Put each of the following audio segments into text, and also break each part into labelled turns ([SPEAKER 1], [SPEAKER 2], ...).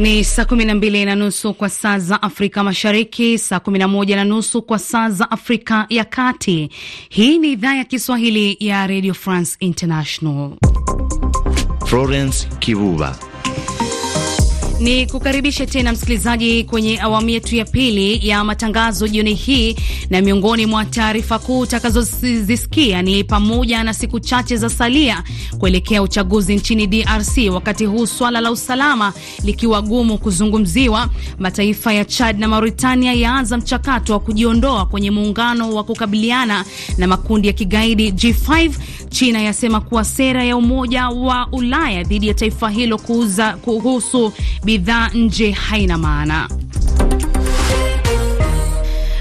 [SPEAKER 1] Ni saa kumi na mbili na nusu kwa saa za Afrika Mashariki, saa kumi na moja na nusu kwa saa za Afrika ya Kati. Hii ni idhaa ya Kiswahili ya Radio France International.
[SPEAKER 2] Florence Kivuva
[SPEAKER 1] ni kukaribishe tena msikilizaji kwenye awamu yetu ya pili ya matangazo jioni hii, na miongoni mwa taarifa kuu utakazozisikia ni pamoja na siku chache za salia kuelekea uchaguzi nchini DRC, wakati huu swala la usalama likiwa gumu kuzungumziwa. Mataifa ya Chad na Mauritania yaanza mchakato wa kujiondoa kwenye muungano wa kukabiliana na makundi ya kigaidi G5. China yasema kuwa sera ya Umoja wa Ulaya dhidi ya taifa hilo kuuza kuhusu bidhaa nje haina maana.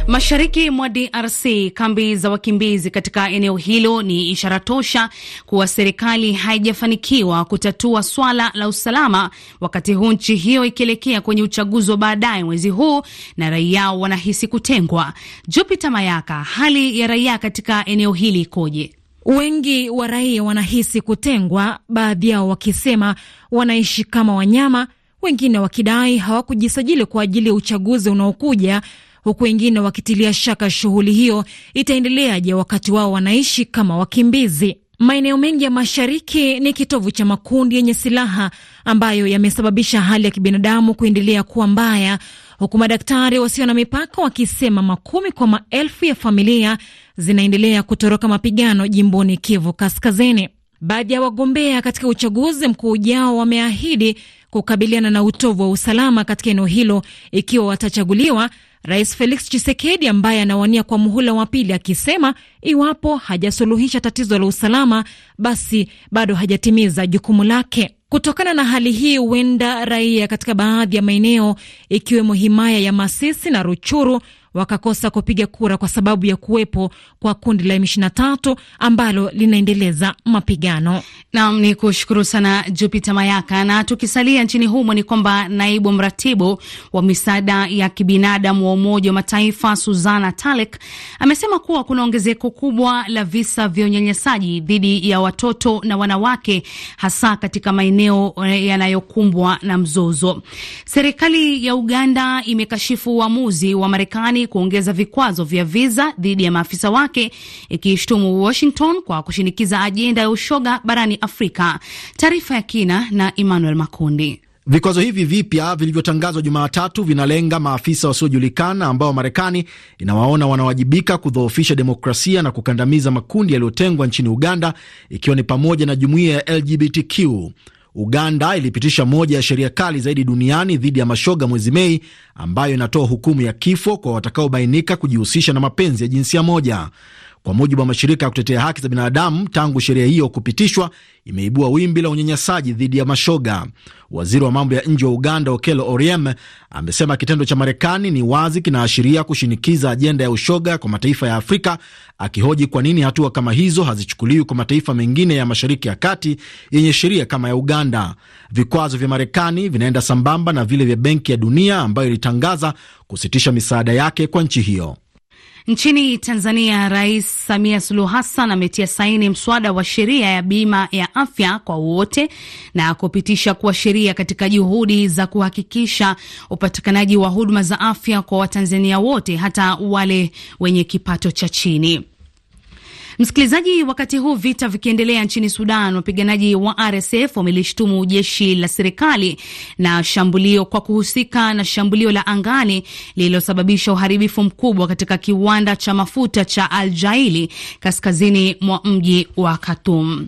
[SPEAKER 1] Mashariki mwa DRC, kambi za wakimbizi katika eneo hilo ni ishara tosha kuwa serikali haijafanikiwa kutatua swala la usalama, wakati huu nchi hiyo ikielekea kwenye uchaguzi wa baadaye mwezi huu na raia wanahisi kutengwa. Jupiter Mayaka, hali ya raia katika eneo hili ikoje? Wengi wa raia wanahisi kutengwa, baadhi yao
[SPEAKER 3] wakisema wanaishi kama wanyama wengine wakidai hawakujisajili kwa ajili ya uchaguzi unaokuja, huku wengine wakitilia shaka shughuli hiyo itaendeleaje wakati wao wanaishi kama wakimbizi. Maeneo mengi ya mashariki ni kitovu cha makundi yenye silaha ambayo yamesababisha hali ya kibinadamu kuendelea kuwa mbaya, huku madaktari wasio na mipaka wakisema makumi kwa maelfu ya familia zinaendelea kutoroka mapigano jimboni Kivu Kaskazini. Baadhi ya wagombea katika uchaguzi mkuu ujao wameahidi kukabiliana na utovu wa usalama katika eneo hilo ikiwa watachaguliwa, Rais Felix Tshisekedi ambaye anawania kwa muhula wa pili akisema iwapo hajasuluhisha tatizo la usalama, basi bado hajatimiza jukumu lake. Kutokana na hali hii, huenda raia katika baadhi ya maeneo ikiwemo himaya ya Masisi na Ruchuru wakakosa kupiga kura kwa sababu ya kuwepo kwa kundi la
[SPEAKER 1] M23 ambalo linaendeleza mapigano. Naam, ni kushukuru sana Jupiter Mayaka. Na tukisalia nchini humo ni kwamba naibu mratibu wa misaada ya kibinadamu wa Umoja wa Mataifa Suzana Talek amesema kuwa kuna ongezeko kubwa la visa vya unyanyasaji dhidi ya watoto na wanawake hasa katika maeneo eh, yanayokumbwa na mzozo. Serikali ya Uganda imekashifu uamuzi wa Marekani kuongeza vikwazo vya viza dhidi ya maafisa wake ikishtumu Washington kwa kushinikiza ajenda ya ushoga barani Afrika. Taarifa ya kina na Emmanuel Makundi.
[SPEAKER 4] Vikwazo hivi vipya vilivyotangazwa Jumatatu vinalenga maafisa wasiojulikana ambao Marekani inawaona wanawajibika kudhoofisha demokrasia na kukandamiza makundi yaliyotengwa nchini Uganda, ikiwa ni pamoja na jumuiya ya LGBTQ. Uganda ilipitisha moja ya sheria kali zaidi duniani dhidi ya mashoga mwezi Mei, ambayo inatoa hukumu ya kifo kwa watakaobainika kujihusisha na mapenzi ya jinsia moja. Kwa mujibu wa mashirika ya kutetea haki za binadamu, tangu sheria hiyo kupitishwa imeibua wimbi la unyanyasaji dhidi ya mashoga. Waziri wa mambo ya nje wa Uganda, Okello Oryem, amesema kitendo cha Marekani ni wazi kinaashiria kushinikiza ajenda ya ushoga kwa mataifa ya Afrika, akihoji kwa nini hatua kama hizo hazichukuliwi kwa mataifa mengine ya Mashariki ya Kati yenye sheria kama ya Uganda. Vikwazo vya Marekani vinaenda sambamba na vile vya Benki ya Dunia ambayo ilitangaza kusitisha misaada yake kwa nchi hiyo.
[SPEAKER 1] Nchini Tanzania, Rais Samia Suluhu Hassan ametia saini mswada wa sheria ya bima ya afya kwa wote na kupitisha kuwa sheria katika juhudi za kuhakikisha upatikanaji wa huduma za afya kwa Watanzania wote, hata wale wenye kipato cha chini. Msikilizaji, wakati huu vita vikiendelea nchini Sudan, wapiganaji wa RSF wamelishtumu jeshi la serikali na shambulio kwa kuhusika na shambulio la angani lililosababisha uharibifu mkubwa katika kiwanda cha mafuta cha Al Jaili kaskazini mwa mji wa Khartoum.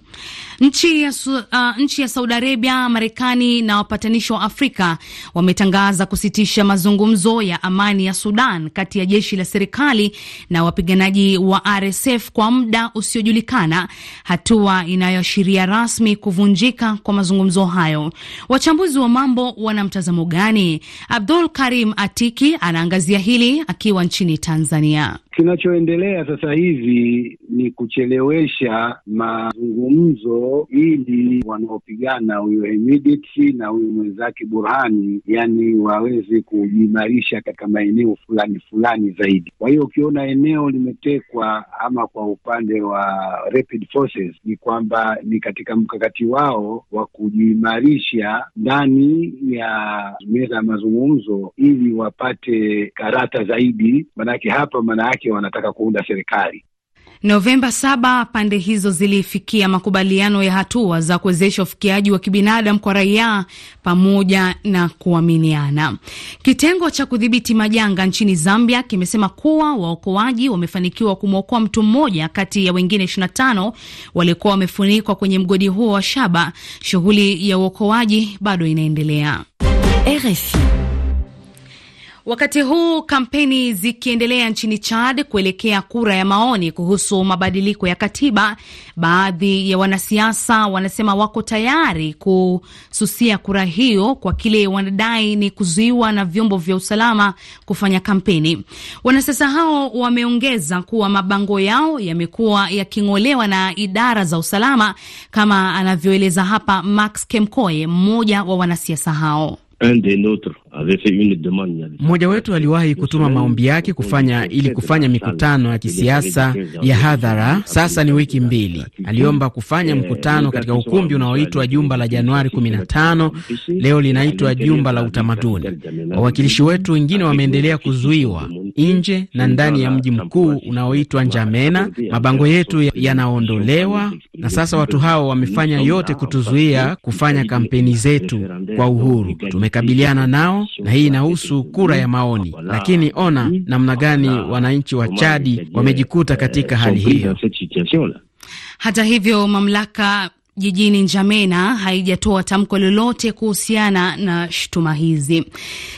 [SPEAKER 1] Nchi ya, uh, nchi ya Saudi Arabia, Marekani na wapatanishi wa Afrika wametangaza kusitisha mazungumzo ya amani ya Sudan kati ya jeshi la serikali na wapiganaji wa RSF kwa muda usiojulikana, hatua inayoashiria rasmi kuvunjika kwa mazungumzo hayo. Wachambuzi wa mambo wana mtazamo gani? Abdul Karim Atiki anaangazia hili akiwa nchini Tanzania.
[SPEAKER 2] Kinachoendelea sasa hivi ni kuchelewesha mazungumzo ili wanaopigana huyu Hemedti na huyu mwenzake Burhani, yani waweze kujiimarisha katika maeneo fulani fulani zaidi. Kwa hiyo ukiona eneo limetekwa ama kwa upande wa Rapid Forces, ni kwamba ni katika mkakati wao wa kujiimarisha ndani ya meza ya mazungumzo ili wapate karata zaidi, manake hapa maana yake wanataka kuunda serikali.
[SPEAKER 1] Novemba saba, pande hizo zilifikia makubaliano ya hatua za kuwezesha ufikiaji wa kibinadamu kwa raia pamoja na kuaminiana. Kitengo cha kudhibiti majanga nchini Zambia kimesema kuwa waokoaji wamefanikiwa kumwokoa mtu mmoja kati ya wengine 25 waliokuwa wamefunikwa kwenye mgodi huo wa shaba. Shughuli ya uokoaji bado inaendelea. RFI. Wakati huu kampeni zikiendelea nchini Chad kuelekea kura ya maoni kuhusu mabadiliko ya katiba, baadhi ya wanasiasa wanasema wako tayari kususia kura hiyo kwa kile wanadai ni kuzuiwa na vyombo vya usalama kufanya kampeni. Wanasiasa hao wameongeza kuwa mabango yao yamekuwa yaking'olewa na idara za usalama, kama anavyoeleza hapa Max Kemkoe, mmoja wa wanasiasa hao.
[SPEAKER 2] Mmoja
[SPEAKER 4] wetu aliwahi kutuma maombi yake kufanya ili kufanya mikutano ya kisiasa ya hadhara, sasa ni wiki mbili. Aliomba kufanya eh, mkutano katika ukumbi unaoitwa jumba la Januari 15, leo linaitwa jumba la utamaduni. Wawakilishi wetu wengine wameendelea kuzuiwa nje na ndani ya mji mkuu unaoitwa Njamena. Mabango yetu yanaondolewa na sasa watu hao wamefanya yote kutuzuia kufanya kampeni zetu kwa uhuru. Tume tumekabiliana nao, na hii inahusu kura ya maoni, lakini ona namna gani wananchi wa Chadi wamejikuta katika hali hiyo.
[SPEAKER 1] Hata hivyo mamlaka jijini Njamena haijatoa tamko lolote kuhusiana na shutuma hizi.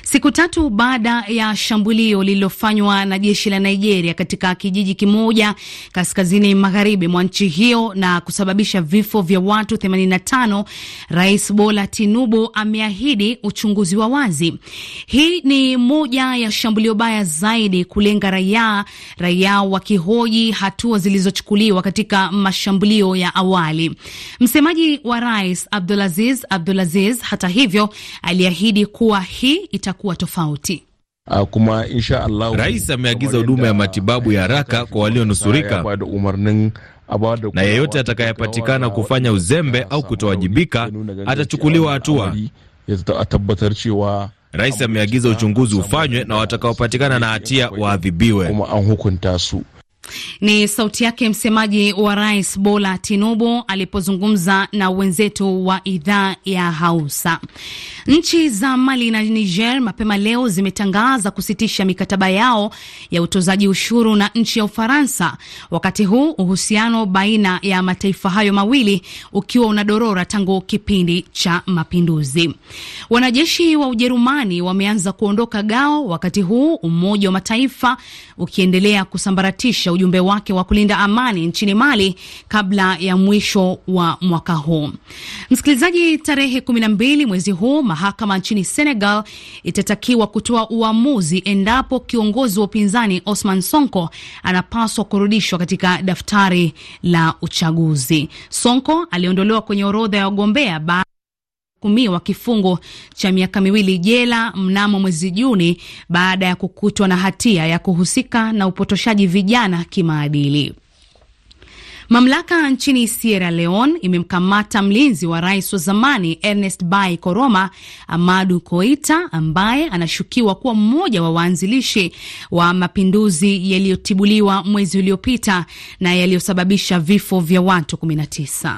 [SPEAKER 1] Siku tatu baada ya shambulio lililofanywa na jeshi la Nigeria katika kijiji kimoja kaskazini magharibi mwa nchi hiyo na kusababisha vifo vya watu 85, Rais Bola Tinubu ameahidi uchunguzi wa wazi. Hii ni moja ya shambulio baya zaidi kulenga raia, raia wakihoji hatua zilizochukuliwa katika mashambulio ya awali. Msemaji wa rais Abdulaziz Abdulaziz, hata hivyo, aliahidi kuwa hii itakuwa tofauti. Ah,
[SPEAKER 2] rais ameagiza huduma ya matibabu ya haraka kwa walionusurika na yeyote atakayepatikana kufanya uzembe au kutowajibika atachukuliwa hatua. Rais ameagiza uchunguzi ufanywe na watakaopatikana na hatia waadhibiwe.
[SPEAKER 1] Ni sauti yake msemaji wa rais Bola Tinubu alipozungumza na wenzetu wa idhaa ya Hausa. Nchi za Mali na Niger mapema leo zimetangaza kusitisha mikataba yao ya utozaji ushuru na nchi ya Ufaransa, wakati huu uhusiano baina ya mataifa hayo mawili ukiwa unadorora tangu kipindi cha mapinduzi. Wanajeshi wa Ujerumani wameanza kuondoka Gao, wakati huu Umoja wa Mataifa ukiendelea kusambaratisha ujumbe wake wa kulinda amani nchini Mali kabla ya mwisho wa mwaka huu. Msikilizaji, tarehe kumi na mbili mwezi huu mahakama nchini Senegal itatakiwa kutoa uamuzi endapo kiongozi wa upinzani Osman Sonko anapaswa kurudishwa katika daftari la uchaguzi. Sonko aliondolewa kwenye orodha ya wagombea kumiwa kifungo cha miaka miwili jela mnamo mwezi Juni baada ya kukutwa na hatia ya kuhusika na upotoshaji vijana kimaadili. Mamlaka nchini Sierra Leone imemkamata mlinzi wa rais wa zamani Ernest Bai Koroma Amadu Koita ambaye anashukiwa kuwa mmoja wa waanzilishi wa mapinduzi yaliyotibuliwa mwezi uliopita na yaliyosababisha vifo vya watu 19.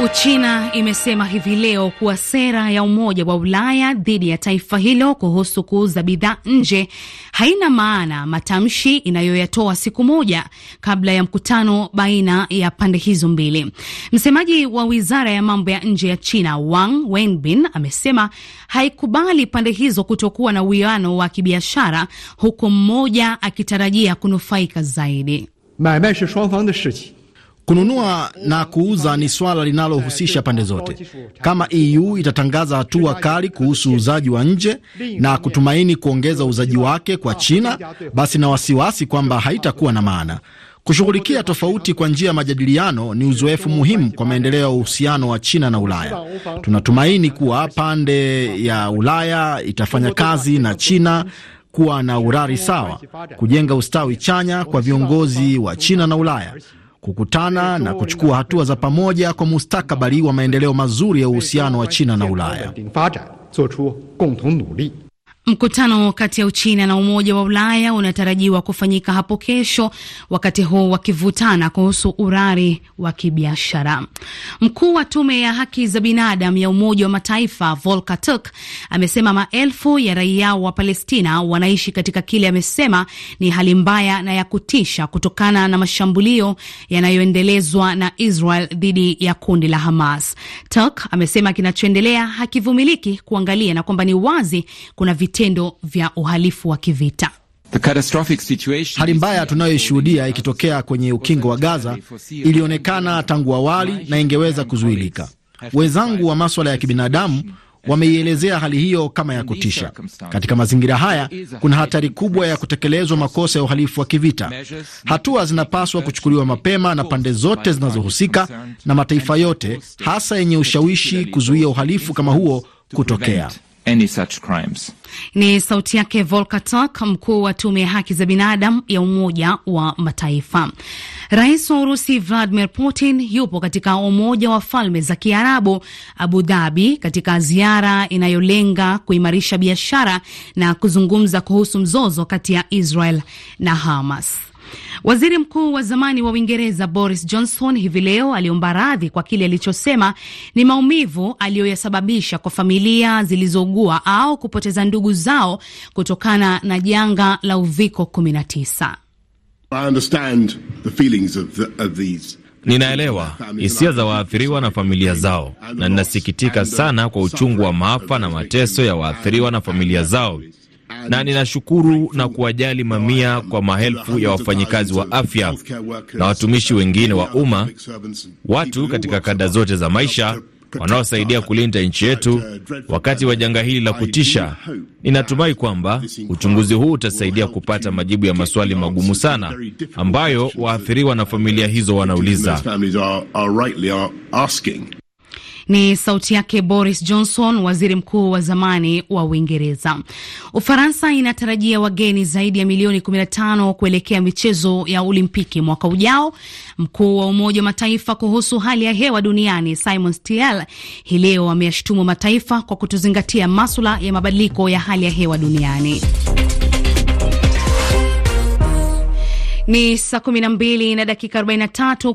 [SPEAKER 1] Uchina imesema hivi leo kuwa sera ya Umoja wa Ulaya dhidi ya taifa hilo kuhusu kuuza bidhaa nje haina maana, matamshi inayoyatoa siku moja kabla ya mkutano baina ya pande hizo mbili. Msemaji wa wizara ya mambo ya nje ya China Wang Wenbin amesema haikubali pande hizo kutokuwa na uwiano wa kibiashara, huku mmoja akitarajia kunufaika zaidi.
[SPEAKER 4] Kununua na kuuza ni swala linalohusisha pande zote. Kama EU itatangaza hatua kali kuhusu uuzaji wa nje na kutumaini kuongeza uuzaji wake kwa China, basi na wasiwasi kwamba haitakuwa na maana. Kushughulikia tofauti kwa njia ya majadiliano ni uzoefu muhimu kwa maendeleo ya uhusiano wa China na Ulaya. Tunatumaini kuwa pande ya Ulaya itafanya kazi na China kuwa na urari sawa, kujenga ustawi chanya kwa viongozi wa China na Ulaya kukutana na kuchukua hatua za pamoja kwa mustakabali wa maendeleo mazuri ya uhusiano wa China na Ulaya.
[SPEAKER 1] Mkutano kati ya Uchina na Umoja wa Ulaya unatarajiwa kufanyika hapo kesho, wakati huu wakivutana kuhusu urari wa kibiashara. Mkuu wa tume ya haki za binadamu ya Umoja wa Mataifa Volker Turk amesema maelfu ya raia wa Palestina wanaishi katika kile amesema ni hali mbaya na ya kutisha kutokana na mashambulio yanayoendelezwa na Israel dhidi ya kundi la Hamas. Turk amesema kinachoendelea hakivumiliki kuangalia na kwamba ni wazi kuna vitendo vya uhalifu wa kivita.
[SPEAKER 4] Hali mbaya tunayoishuhudia ikitokea kwenye ukingo wa Gaza ilionekana tangu awali na ingeweza kuzuilika. Wenzangu wa maswala ya kibinadamu wameielezea hali hiyo kama ya kutisha. Katika mazingira haya, kuna hatari kubwa ya kutekelezwa makosa ya uhalifu wa kivita. Hatua zinapaswa kuchukuliwa mapema na pande zote zinazohusika na mataifa yote, hasa yenye ushawishi, kuzuia uhalifu kama
[SPEAKER 2] huo kutokea any such crimes.
[SPEAKER 1] Ni sauti yake Volker Turk, mkuu wa tume ya haki za binadamu ya Umoja wa Mataifa. Rais wa Urusi Vladimir Putin yupo katika Umoja wa Falme za Kiarabu, Abu Dhabi, katika ziara inayolenga kuimarisha biashara na kuzungumza kuhusu mzozo kati ya Israel na Hamas. Waziri mkuu wa zamani wa Uingereza Boris Johnson hivi leo aliomba radhi kwa kile alichosema ni maumivu aliyoyasababisha kwa familia zilizougua au kupoteza ndugu zao kutokana na janga la uviko 19.
[SPEAKER 2] Ninaelewa hisia za waathiriwa na familia zao, na ninasikitika uh, sana kwa uchungu wa maafa na uh, mateso ya waathiriwa na familia zao na ninashukuru na kuwajali mamia kwa maelfu ya wafanyikazi wa afya na watumishi wengine wa umma, watu katika kada zote za maisha wanaosaidia kulinda nchi yetu wakati wa janga hili la kutisha. Ninatumai kwamba uchunguzi huu utasaidia kupata majibu ya maswali magumu sana ambayo waathiriwa na familia hizo wanauliza.
[SPEAKER 1] Ni sauti yake Boris Johnson, waziri mkuu wa zamani wa Uingereza. Ufaransa inatarajia wageni zaidi ya milioni 15 kuelekea michezo ya Olimpiki mwaka ujao. Mkuu wa Umoja wa Mataifa kuhusu hali ya hewa duniani Simon Stiel hii leo ameyashutumu mataifa kwa kutozingatia maswala ya mabadiliko ya hali ya hewa duniani. Ni saa 12 na dakika 43.